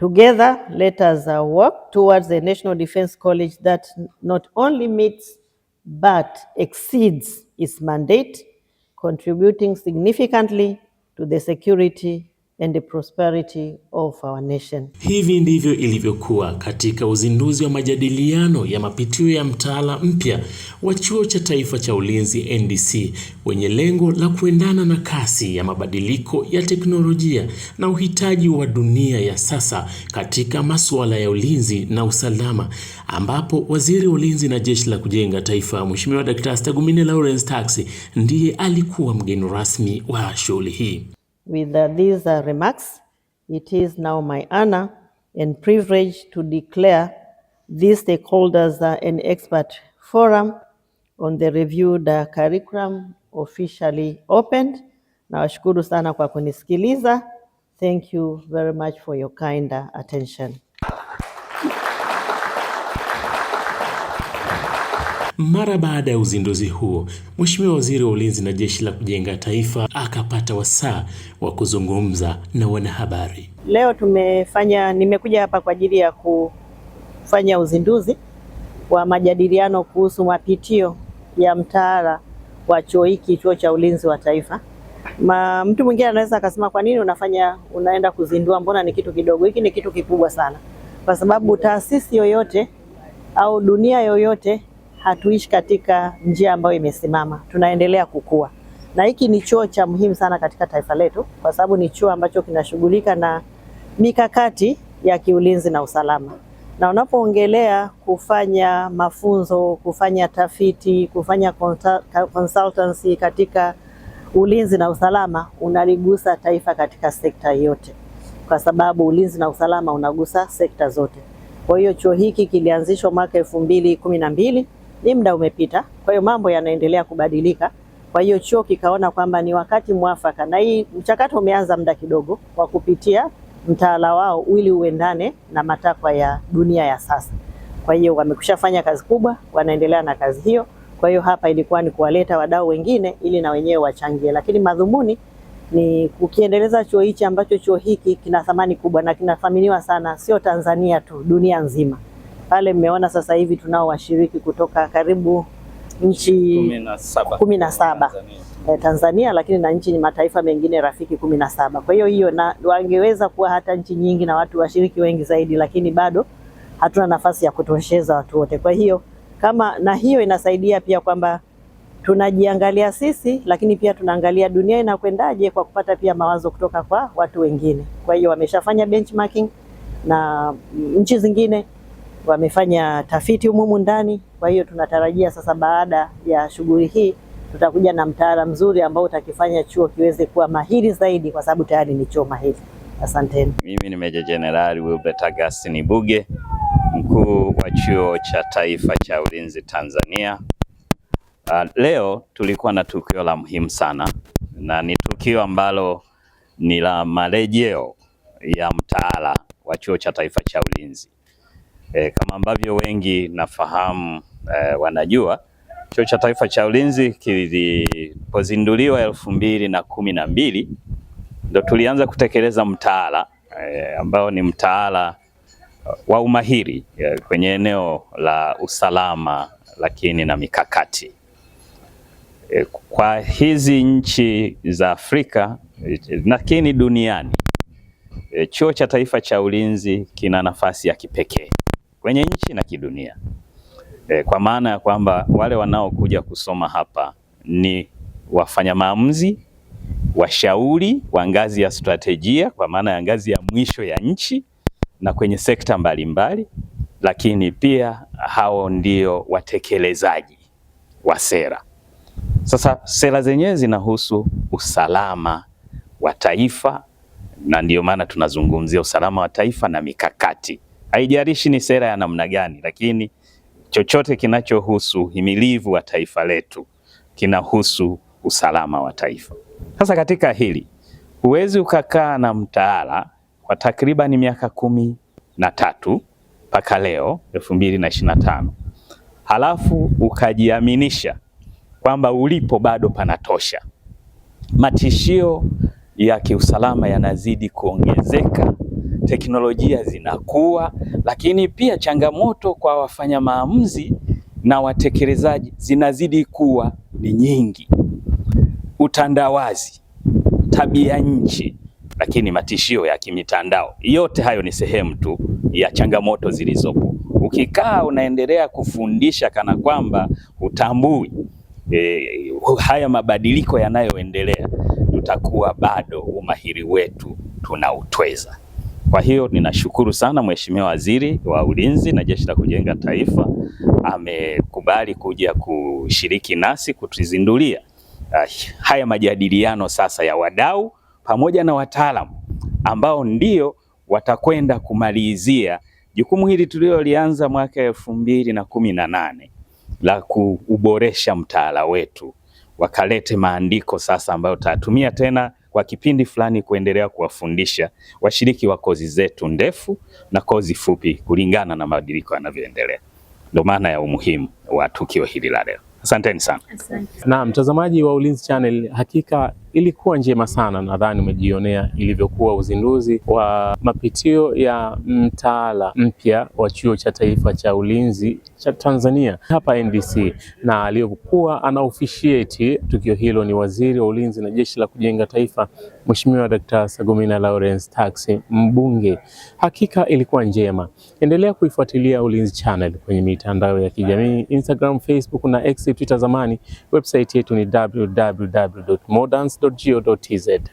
Together, let us uh, work towards a national defense college that not only meets but exceeds its mandate, contributing significantly to the security and the prosperity of our nation. Hivi ndivyo ilivyokuwa katika uzinduzi wa majadiliano ya mapitio ya mtaala mpya wa Chuo cha Taifa cha Ulinzi NDC wenye lengo la kuendana na kasi ya mabadiliko ya teknolojia na uhitaji wa dunia ya sasa katika masuala ya ulinzi na usalama, ambapo Waziri wa Ulinzi na Jeshi la Kujenga Taifa Mheshimiwa dr Stagumine Lawrence Tax ndiye alikuwa mgeni rasmi wa shughuli hii. With uh, these uh, remarks, it is now my honor and privilege to declare these stakeholders uh, an expert forum on the reviewed uh, curriculum officially opened. Nawashukuru sana kwa kunisikiliza. Thank you very much for your kind uh, attention. Mara baada ya uzinduzi huo, Mheshimiwa Waziri wa Ulinzi na Jeshi la Kujenga Taifa akapata wasaa wa kuzungumza na wanahabari. Leo tumefanya, nimekuja hapa kwa ajili ya kufanya uzinduzi wa majadiliano kuhusu mapitio ya mtaala wa chuo hiki, chuo cha ulinzi wa taifa. Ma, mtu mwingine anaweza akasema kwa nini unafanya unaenda kuzindua, mbona ni kitu kidogo? Hiki ni kitu kikubwa sana, kwa sababu taasisi yoyote au dunia yoyote hatuishi katika njia ambayo imesimama, tunaendelea kukua, na hiki ni chuo cha muhimu sana katika taifa letu, kwa sababu ni chuo ambacho kinashughulika na mikakati ya kiulinzi na usalama. Na unapoongelea kufanya mafunzo, kufanya tafiti, kufanya consultancy katika ulinzi na usalama, unaligusa taifa katika sekta yote, kwa sababu ulinzi na usalama unagusa sekta zote. Kwa hiyo chuo hiki kilianzishwa mwaka elfu mbili kumi na mbili ni muda umepita, kwa hiyo mambo yanaendelea kubadilika. Kwa hiyo chuo kikaona kwamba ni wakati mwafaka, na hii mchakato umeanza muda kidogo wa kupitia mtaala wao ili uendane na matakwa ya dunia ya sasa. Kwa hiyo wamekushafanya kazi kubwa, wanaendelea na kazi hiyo. Kwa hiyo hapa ilikuwa ni kuwaleta wadau wengine ili na wenyewe wachangie, lakini madhumuni ni kukiendeleza chuo hichi ambacho chuo hiki kina thamani kubwa na kinathaminiwa sana, sio Tanzania tu, dunia nzima pale. Mmeona sasa hivi tunao washiriki kutoka karibu nchi kumi na saba eh, Tanzania, lakini na nchi mataifa mengine rafiki kumi na saba. Kwa hiyo hiyo na wangeweza kuwa hata nchi nyingi na watu washiriki wengi zaidi, lakini bado hatuna nafasi ya kutosheza watu wote. Kwa hiyo kama na hiyo inasaidia pia kwamba tunajiangalia sisi, lakini pia tunaangalia dunia inakwendaje kwa kupata pia mawazo kutoka kwa watu wengine. Kwa hiyo wameshafanya benchmarking na nchi zingine wamefanya tafiti humu ndani. Kwa hiyo tunatarajia sasa, baada ya shughuli hii, tutakuja na mtaala mzuri ambao utakifanya chuo kiweze kuwa mahiri zaidi, kwa sababu tayari ni chuo mahiri. Asanteni. Mimi ni Meja Jenerali Wilbert Augustine Buge, mkuu wa chuo cha taifa cha ulinzi Tanzania. Uh, leo tulikuwa na tukio la muhimu sana na ni tukio ambalo ni la marejeo ya mtaala wa chuo cha taifa cha ulinzi. E, kama ambavyo wengi nafahamu e, wanajua Chuo cha Taifa cha Ulinzi kilipozinduliwa elfu mbili na kumi na mbili ndo tulianza kutekeleza mtaala e, ambao ni mtaala wa umahiri e, kwenye eneo la usalama lakini na mikakati e, kwa hizi nchi za Afrika e, lakini duniani e, Chuo cha Taifa cha Ulinzi kina nafasi ya kipekee kwenye nchi na kidunia e, kwa maana ya kwamba wale wanaokuja kusoma hapa ni wafanya maamuzi, washauri wa ngazi ya strategia, kwa maana ya ngazi ya mwisho ya nchi na kwenye sekta mbalimbali mbali, lakini pia hao ndio watekelezaji wa sera. Sasa sera zenyewe zinahusu usalama wa taifa na ndio maana tunazungumzia usalama wa taifa na mikakati haijarishi ni sera ya namna gani, lakini chochote kinachohusu himilivu wa taifa letu kinahusu usalama wa taifa. Sasa katika hili huwezi ukakaa na mtaala kwa takribani miaka kumi na tatu mpaka leo elfu mbili na ishirini na tano halafu ukajiaminisha kwamba ulipo bado panatosha. Matishio ya kiusalama yanazidi kuongezeka, teknolojia zinakuwa, lakini pia changamoto kwa wafanya maamuzi na watekelezaji zinazidi kuwa ni nyingi: utandawazi, tabia nchi, lakini matishio ya kimitandao. Yote hayo ni sehemu tu ya changamoto zilizopo. Ukikaa unaendelea kufundisha kana kwamba hutambui e, haya mabadiliko yanayoendelea tutakuwa bado umahiri wetu tunautweza. Kwa hiyo ninashukuru sana Mheshimiwa Waziri wa Ulinzi na Jeshi la Kujenga Taifa amekubali kuja kushiriki nasi kutuzindulia eh, haya majadiliano sasa ya wadau pamoja na wataalamu ambao ndio watakwenda kumalizia jukumu hili tulilolianza mwaka elfu mbili na kumi na nane la kuuboresha mtaala wetu wakalete maandiko sasa ambayo tutatumia tena kwa kipindi fulani kuendelea kuwafundisha washiriki wa kozi zetu ndefu na kozi fupi kulingana na mabadiliko yanavyoendelea. Ndio maana ya umuhimu wa tukio hili la leo. Asanteni sana. Asante. Na mtazamaji wa Ulinzi Channel, hakika Ilikuwa njema sana, nadhani umejionea ilivyokuwa uzinduzi wa mapitio ya mtaala mpya wa Chuo cha Taifa cha Ulinzi cha Tanzania hapa NBC, na aliyokuwa ana officiate tukio hilo ni Waziri wa Ulinzi na Jeshi la Kujenga Taifa, Mheshimiwa Dkt. Sagomina Lawrence Tax, mbunge. Hakika ilikuwa njema. Endelea kuifuatilia Ulinzi Channel kwenye mitandao ya kijamii Instagram, Facebook na X, Twitter zamani. Website yetu ni www.moderns dot dot tz.